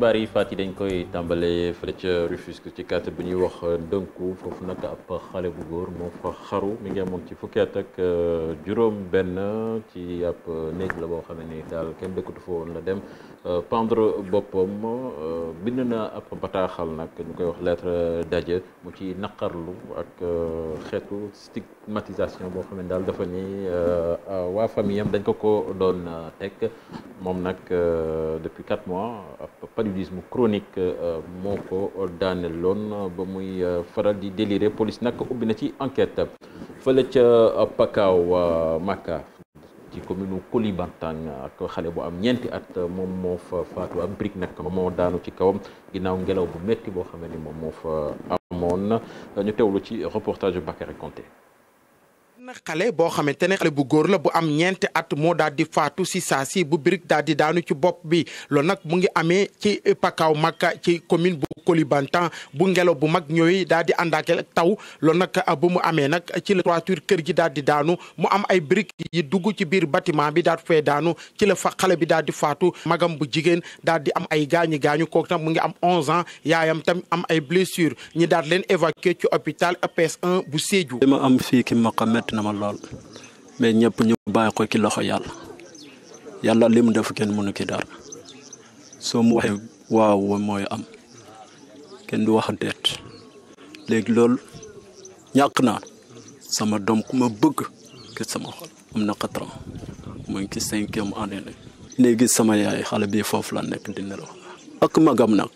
xibaar yi faat yi dañ koy tàmbalee fële ca Rufisque ci quartier bu ñuy wax Ndënku foofu nag ab xale bu góor moo fa xaru mi ngi amoon ci fukki at ak euh, juróom benn ci ab euh, néeg la boo xam ne daal kenn dëkkatu fa woon la dem euh, pendre boppam bind na ab bataaxal nag ñu koy wax lettre daje mu ci naqarlu ak xeetu stigmatisation boo xam ne daal dafa ni waa famille am dañ ko ko doon teg moom nag depuis quatre mois paludisme chronique euh, moo ko daaneloon euh, ba muy euh, faral di délirer police nag ubbi na ci enquête fële ca Pakao Maka ci commune Koulibantang ak xale bu am ñeenti at moom moo fa faatu ak brique nag moo daanu ci kawam ginnaaw ngelaw bu métti boo xam ni moom moo fa amoon ñu teewlu ci reportage Bakary Konté benn xale boo xamante ne xale bu góor la bu am ñeenti at moo daal di faatu si saa bu birig daal di daanu ci bopp bi loolu mu ngi amee ci Pakao Maka ci commune bu Kolibantan bu ngelaw bu mag ñooy daal di ànd ak taw loolu nag bu mu amee nag ci la toiture kër gi daal di daanu mu am ay birig yi dugg ci biir bâtiment bi daal di daanu ci la fa xale bi daal di faatu magam bu jigéen daal di am ay gaañu gaañu ko tam mu ngi am 11 ans yaayam tam am ay blessures ñi daal na ma lool mais ñëpp ñu bàyyi ko ci loxo yàlla yàlla li mu def kenn mënu ki dara soo mu waxee waaw mooy am kenn du wax déet léegi lool ñàkk naa sama doom ku ma bëgg ki sama xol am na quatre ans mu ngi ci cinquième année la léegi sama yaay xale bi foofu la nekk di nelaw ak magam nag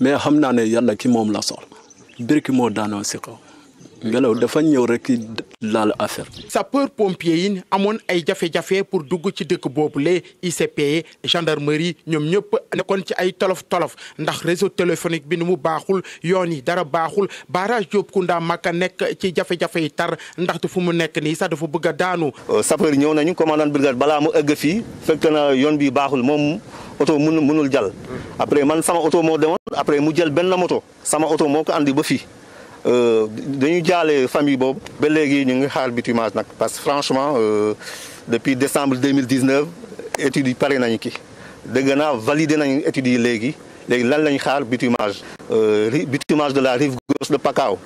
mais xam naa ne yàlla ki moom la soxla birki moo daanoo si kaw ngelaw dafa ñëw rek laal affaire sapeur pompier yi amoon ay jafe-jafe pour dugg ci dëkk boobule ICP gendarmerie ñoom ñëpp nekkoon ci ay tolof tolof ndax réseau téléphonique bi ni mu baaxul yoon yi dara baaxul barrage Diop Kounda Maka nekk ci jafe-jafe yi tar ndaxte fu mu nekk nii sax dafa bëgg a daanu. Euh, sapeur ñëw nañu commandant brigade balaa mu ëgg fii fekk na yoon bi baaxul moom oto mënul mënul jàll. après man sama oto moo demoon après mu jël benn moto sama oto moo ko andi ba fii. Euh, dañu jaale famille boobu ba léegi ñu ngi xaar bitumage nag parce que franchement euh, depuis décembre 2019 études yi pare nañu ki dëgg naa validé nañu études yi léegi léegi lan lañ xaar bitumage euh, bitumage de la rive gauche de Pakao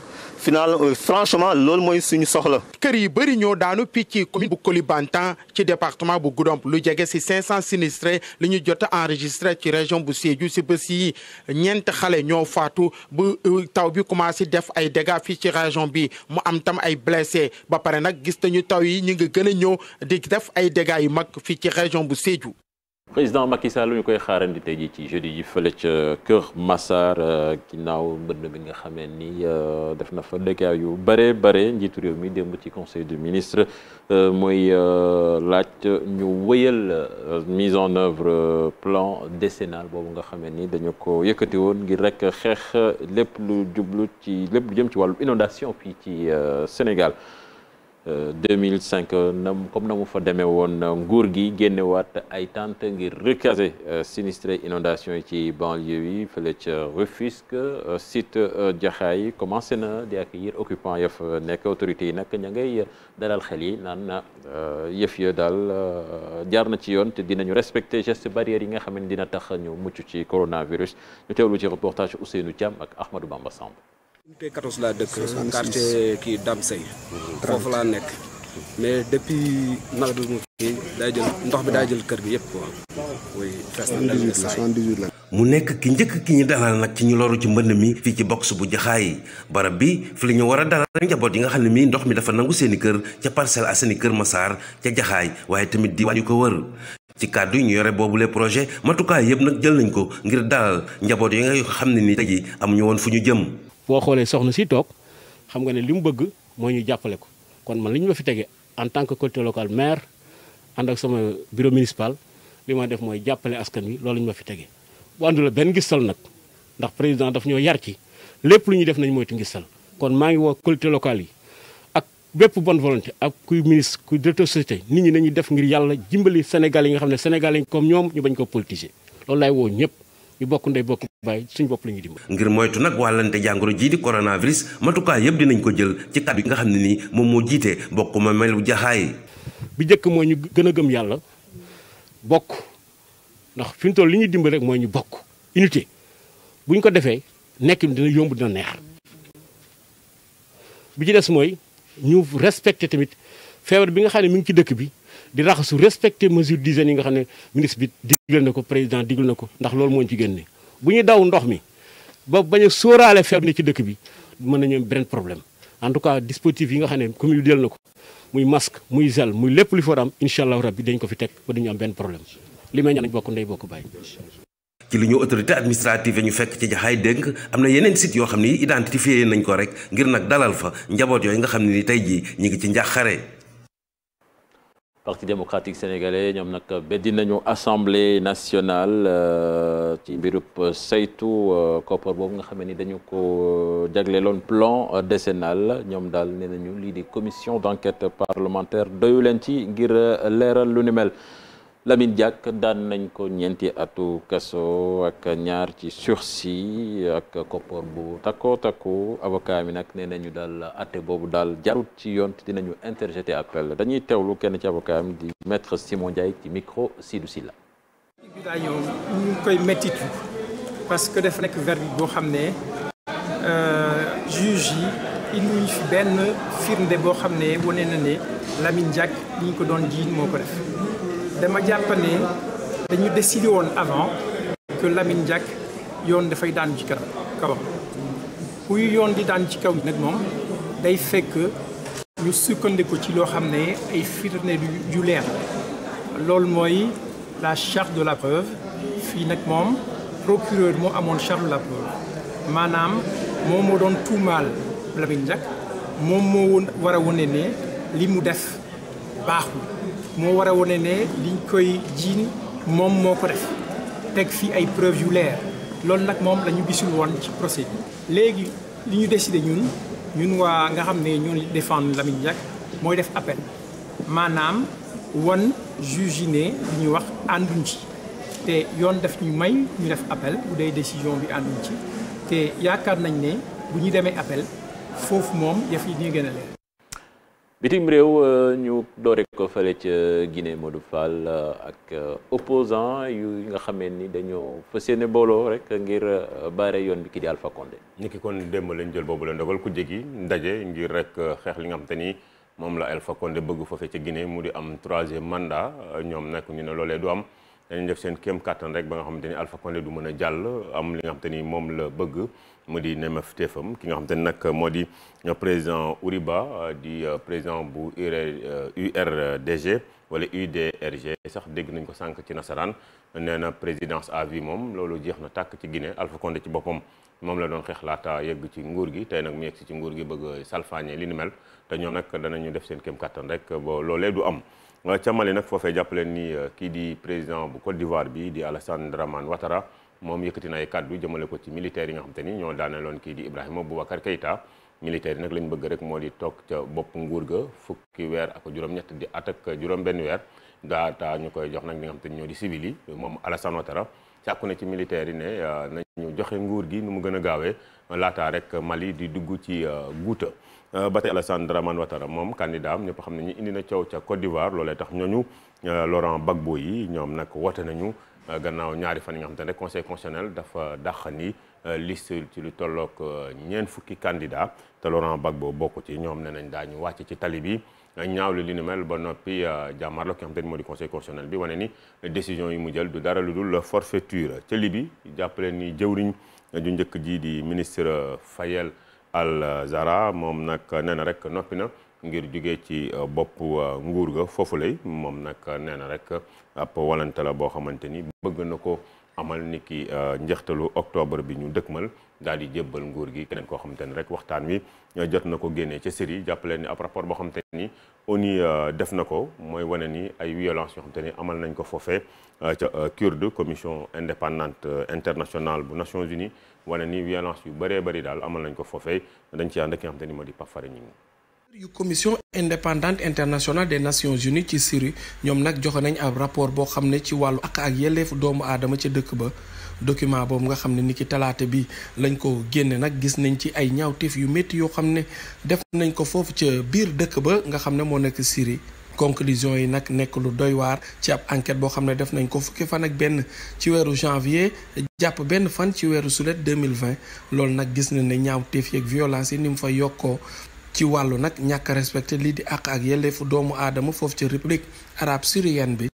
final euh, franchement loolu mooy suñu soxla. kër yi bëri ñoo daanu picc commune bu Koulibantang ci département bu Goudomp lu jege si 500 sinistrés li ñu jot a enregistré ci région bu Sédhiou si bés yi ñeent xale ñoo faatu bu euh, taw bi commencé def ay dégâts fii ci région bi mu am tam ay blessés ba pare nag gis nañu taw yi ñu ngi gën a ñëw di def ay dégâts yu mag fii ci région bu Sédhiou. président Macky Sall lu ñu koy xaarandi tey jii ci jeudi ji fële ca Kër Massar euh, ginnaaw mbënd bi nga xamee ni euh, def na fa dégâts yu bare bare njiitu réew mi démb ci conseil des ministres euh, mooy laaj ñu wëyal mise en œuvre plan décennal boobu nga xamee ni dañu ko yëkkati woon ngir rek xeex lépp lu jublu ci lépp lu jëm ci wàllu inondation fii ci Sénégal. 2005 na comme na mu fa demee woon nguur gi waat ay tant ngir recaser euh, sinistré inondation yi ci banlieue yi fële ca Rufisque euh, site Jaxaay euh, commencé na di accueillir occupant yëf nekk autorités yi nag ña ngay dalal xel yi naan yëf ya daal jaar na ci yoon te dinañu respecter gestes barrières yi nga xam ne dina tax ñu mucc ci coronavirus ñu teewlu ci reportage Ousseynou Thiam ak Ahmadou Bamba Samb unité 14 laa dëkk kii Dame Seye nekk mais depuis nawet bi mu ndox bi jël kër gi yëpp quoi oui fees mu nekk ki njëkk ki ñu dalal nag ci ñu loru ci mbënn mi fii ci box bu jaxaay barab bi fi la ñu war a dalal njaboot yi nga xam ne mii ndox mi dafa nangu seeni kër ca parcelle Parcelles Assainies Kër Massar ca jaxaay waaye tamit diwaan yu ko wër ci kàddu yi ñu yore boobule projet matukaay yëpp nag jël nañ ko ngir dalal njaboot yi nga xam ne ni tey amuñu woon fu ñu jëm boo xoolee soxna siy toog xam nga ne li mu bëgg mooy ñu jàppale ko kon man li ñu ma fi tege en tant que collectivité locale maire ànd ak sama bureau municipal li ma def mooy jàppale askan wi loolu ñu ma fi tege bu àndul benn gistal nag ndax président daf ñoo yar ci lépp lu ñuy def nañ moytu ngistal kon maa ngi woo collectivité locale yi ak bépp bonne volonté ak kuy ministre kuy directeur société nit ñi nañuy def ngir yàlla jimbali Sénégal yi nga xam ne Sénégal yi comme ñoom ñu bañ ko politiser loolu laay woo ñëpp ñu bokk ndey bokk bàyyi suñu bopp la ñuy dimbal ngir moytu nag wàllante jàngoro jii di coronavirus matukaay yëpp dinañ ko jël ci kàddu yi nga xam ne nii moom moo jiite bokk ma melu jaxaay bi njëkk mooy ñu gën a gëm yàlla bokk ndax fi mu toll li ñuy dimbal rek mooy ñu bokk unité buñ ko defee nekk dina yomb dina neex bi ci des mooy ñu respecté tamit feebar bi nga xam ne mu ngi ci dëkk bi di raxasu respecter mesure d'hygiène yi nga xam ne ministre bi digle na ko président digle na ko ndax loolu moo ñu ci génne bu ñuy daw ndox mi ba bañ a sóoraale feeb ne ci dëkk bi mën nañu am beneen problème en tout cas dispositif yi nga xam ne commune bi jël na ko muy masque muy gel muy lépp lu fa am incha allahu rabbi dañ ko fi teg ba duñu am benn problème li may ñaan bokk ndey bokk bàyyi. ci li ñu autorité administrative ñu fekk ci jaxaay dénk am na yeneen site yoo xam ni identifié nañ ko rek ngir nag dalal fa njaboot yooyu nga xam ne ni tey jii ñu ngi ci njàqare parti démocratique sénégalais ñoom nag beddi nañu assemblée nationale euh, ci mbirub saytu euh, koppar boobu nga xam ni dañu ko euh, jagleeloon plan décennal ñoom daal nee nañu lii di commission d'enquête parlementaire doyu leen ci ngir leeral lu ni mel. Lamine Diack daan nañ ko ñeenti atu kaso ak ñaar ci sursis ak koppoor bu takko takku avocat mi nag nee ñu daal atte boobu daal jarut ci yoon dinañu interjeté appel dañuy teew lu kenn ci avocat mi di maître Simon Ndiaye ci micro Sidou Silla. ñu koy méttiitu parce que def nekk verdict boo xam ne euh, juge yi indiwuñ fi benn firnde boo xam ne wane ne Lamine Diack li ko doon jiiñ moo ko def. dama jàpp ne dañu décidé woon avant que Lamine Diack yoon dafay daan ci kawam kuy yoon di daan ci kaw nag moom day fekk ñu sukkandiku ci loo xam ne ay firnde yu leer loolu mooy la charte de la preuve fii nag moom procureur moo amoon charte de la preuve maanaam moom moo doon tuumaal Lamine Diack moom moo war wone ne li mu def baaxul moo war a ne liñ koy jiin moom moo ko def teg fii ay preuve yu leer loolu nag moom lañu ñu gisul woon ci procès léegi li ñu décidé ñun ñun waa nga xam ne ñoo défendre Lamine Diack mooy def appel maanaam wan juge yi ne li ñu wax ànduñ te yoon def ñu may ñu def appel bu dee décision bi ànduñ te yaakaar nañ ne bu ñu demee appel foofu moom yëf yi ñu gën leer bitim réew euh, ñu doore ko fële ca Guinée Modou Fall euh, ak euh, opposant yu nga xamee ni dañoo fa yéene booloo rek ngir baare yoon bi ki di Alpha Condé. ñu ki kon demb lañ jël boobu la ndogal ku jéggi ndaje ngir rek xeex li nga xam te ni moom la Alpha Condé bëgg foofee ca Guinée mu di am troisième mandat ñoom nag ñu ne loolee du am. dañu def seen kéem kattan rek ba nga xamante ni Alpha Condé du mën a jàll am li nga xamante ni moom la bëgg mu di nemef teefam ki nga xamante ni nag moo di président Uriba di euh, président bu ur URDG euh, wala UDRG sax dégg nañ ko sànq ci nasaraan nee na présidence à vie moom loolu jeex na tàkk ci Guinée Alpha Condé ci boppam moom la doon xeex laata yegg ci nguur gi tey nag mu yegg ci nguur gi bëgg salfaañe li ni te ñoom nag danañu def seen kéem kàttan rek ba loolee du am Euh, ca Mali nag foofe jàppale ni euh, kii di président bu Côte d'Ivoire bi di Alassane Dramane Ouattara moom yëkkati na ay kàddu jëmale ko ci militaires yi nga xam te ni ñoo daaneeloon kii di Ibrahima Boubacar Keïta militaires yi nag lañ bëgg rek moo di toog ca bopp nguur ga fukki weer ak juróom-ñett di at juróom-benn weer daataa ñu koy jox nag li nga xam ni ñoo di civil yi moom Alassane Ouattara sàkku na ci militaires yi ne euh, nañu joxe nguur gi nu mu gën a gaawee laataa rek Mali di dugg ci euh, guuta euh, ba tey Alassane Dramane Ouattara moom candidat am ñëpp xam ñu indi na coow ca Côte d'Ivoire loolee tax ñooñu Laurent Gbagbo yi ñoom nag woote nañu. Euh, gannaaw ñaari fan yi nga xamante ne conseil constitutionnel dafa dàq ni euh, liste ci lu tollook euh, ñeent fukki candidat te Laurent Gbagbo bokk ci ñoom ne nañ daañu wàcc ci tali bi ñaawlu li ni mel ba noppi jàmmarloo ki nga xamante ni moo di conseil constitutionnel bi wane ni décision yi mu jël du dara lu dul forfaiture ca Libi jàppale ni jëwriñ ju njëkk jii di ministre Fayel Al zara moom nag nee na rek noppi na ngir jugee ci euh, bopp euh, nguur ga foofu lay moom nag euh, nee na rek ab walante boo xamante ni bëgg na ko amal ni ki njeextalu octobre bi ñu dëkkmal daal di jébbal nguur gi keneen koo xamante ni rek waxtaan wi jot na ko génnee ca Syrie jàppale ni ab rapport boo xamante ni ONU def na ko mooy wane ni ay violence yoo xamante ni amal nañ ko foofee ca Kurde commission indépendante internationale bu Nations Unies wane ni violence yu bëree bari daal amal nañ ko foofee dañ ci ànd ak nga xamante ni moo di Pape Fara Gningue yu commission indépendante internationale des nations unies ci Syrie ñoom nag joxe nañ ab rapport boo xam ne ci wàllu ak ak yelleef doomu aadama ca dëkk ba document boobu nga xam ne ni ki talaata bi lañ ko génne nag gis nañ ci ay ñaaw ñaawteef yu métti yoo xam ne def nañ ko foofu ca biir dëkk ba nga xam ne moo nekk Syrie conclusion yi nag nekk lu doy waar ci ab enquête boo xam ne def nañ ko fukki fan ak benn ci weeru janvier jàpp benn fan ci weeru sulet 2020 loolu nag gis nañ ne ñaawteef yeeg violence ni mu fa yokkoo ci wàllu nag ñàkk a respecté lii di àq ak yelleefu doomu aadama foofu ci république arabe syrienne bi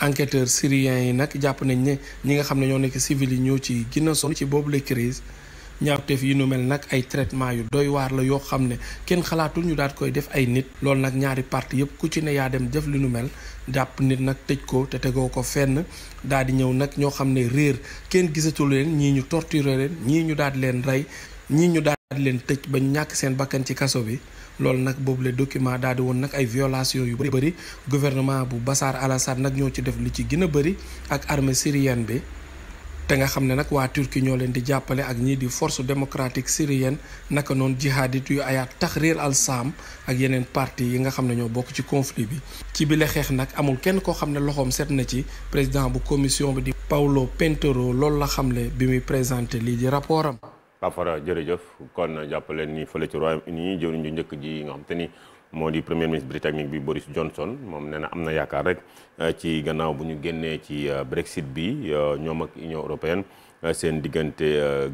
enquêteurs syriens yi nag jàpp nañ ne ñi nga xam ne ñoo nekk civil yi ñoo ci ginna sonn ci boobule crise ñaawteef yi nu mel nag ay traitement yu doy waar la yoo xam ne kenn xalaatul ñu daal koy def ay nit loolu nag ñaari parti yëpp ku ci ne yaa dem def li nu mel jàpp nit nag tëj ko te tegoo ko fenn daal di ñëw nag ñoo xam ne réer kenn gisatu leen ñii ñu torturer leen ñii ñu daal leen rey daal leen tëj ba ñàkk seen bakkan ci kaso bi loolu nag boobu le document daal woon nag ay violation yu bëri bëri gouvernement bu Bachar al-Assad nag ñoo ci def li ci gën a bëri ak armée syrienne bi te nga xam ne nag waa Turquie ñoo leen di jàppale ak ñii di force démocratique syrienne naka noonu jihadit yu ayaat tax Tahrir al-Sham ak yeneen parti yi nga xam ne ñoo bokk ci conflit bi. ci bile xeex nag amul kenn koo xam ne loxoom seet na ci président bu commission bi di Paolo Pentero loolu la xamle bi muy présenté lii di rapport am. Pafara jërëjëf kon jàpp leen ni fële ci Royaume-Uni jëwriñ ju njëkk ji nga xam ni moo di premier ministre britannique bi Boris Johnson moom nee na am na yaakaar rek euh, ci gannaaw bu ñu génnee ci euh, Brexit bi euh, ñoom ak Union européenne seen diggante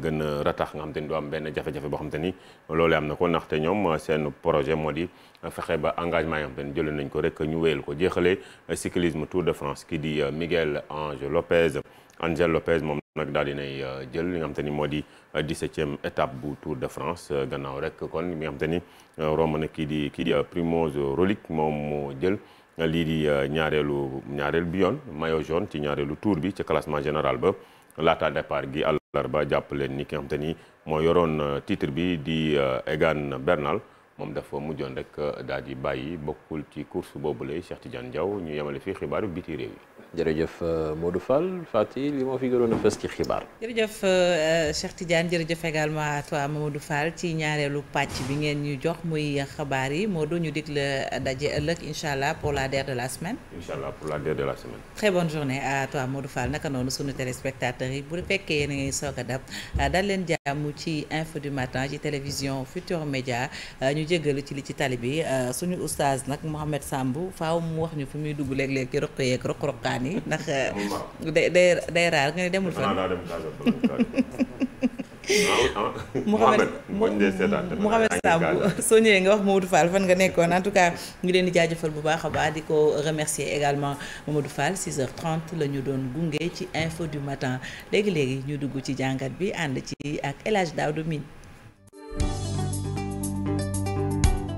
gën a ratax nga xam te ni du am benn jafe-jafe boo xam ni loolu am na ko ndaxte ñoom seen projet moo di fexe ba engagement yi nga xam ni jëlee nañ ko rek ñu wéyal ko jeexalee cyclisme Tour de France kii di Miguel Ange Lopez. Angel Lopez moom nag daal dinay euh, jël li nga xam ni moo di euh, dix-septième étape bu Tour de France euh, gannaaw rek kon li nga xam te ni romb na kii di kii di Primoz Roglic moom moo jël lii di ñaareelu ñaareel bi yoon mayo jaune ci ñaareelu tour bi ci classement général ba laata départ gi àllarba jàpp leen ni ki nga xam te ni moo yoroon titre bi di Egan Bernal moom dafa mujjoon rek daal di bàyyi bokkul ci course boobule Cheikh Tidiane Diaw ñu yemale fii xibaaru biti jërëjëf euh, Modou Fall Fati li moo fi gënoon a fës ci xibaar. jërëjëf euh, Cheikh Tidiane jërëjëf également à toi Mamadou Fall ci ñaareelu pàcc bi ngeen ñu jox muy xabaar yi moo du ñu dig la daje ëllëg incha allah pour la DER de la semaine. incha allah pour la DER de la semaine. très bonne journée à toi Modou Fall naka noonu sunu téléspectateurs yi bu fekkee yéen a ngi dab euh, dal leen jàmm ci info du matin ci télévision Futur Média ñu jégalu ci li ci tali bi suñu oustaz nag Mouhamed Samb faaw muy dugg léeg-léeg ndax. Eh, day day day raar nga ne demul fan. Mouhamed Mouhamed Samb soo ñëwee nga wax Mamadou Fall fan nga nekkoon en tout cas ngi leen di jaajëfal bu baax a baax di ko remercier également Mamadou Fall 6h30 la ñu doon gunge ci info du matin léegi léegi ñu dugg ci jàngat bi ànd ci ak El Hadj Daouda Mine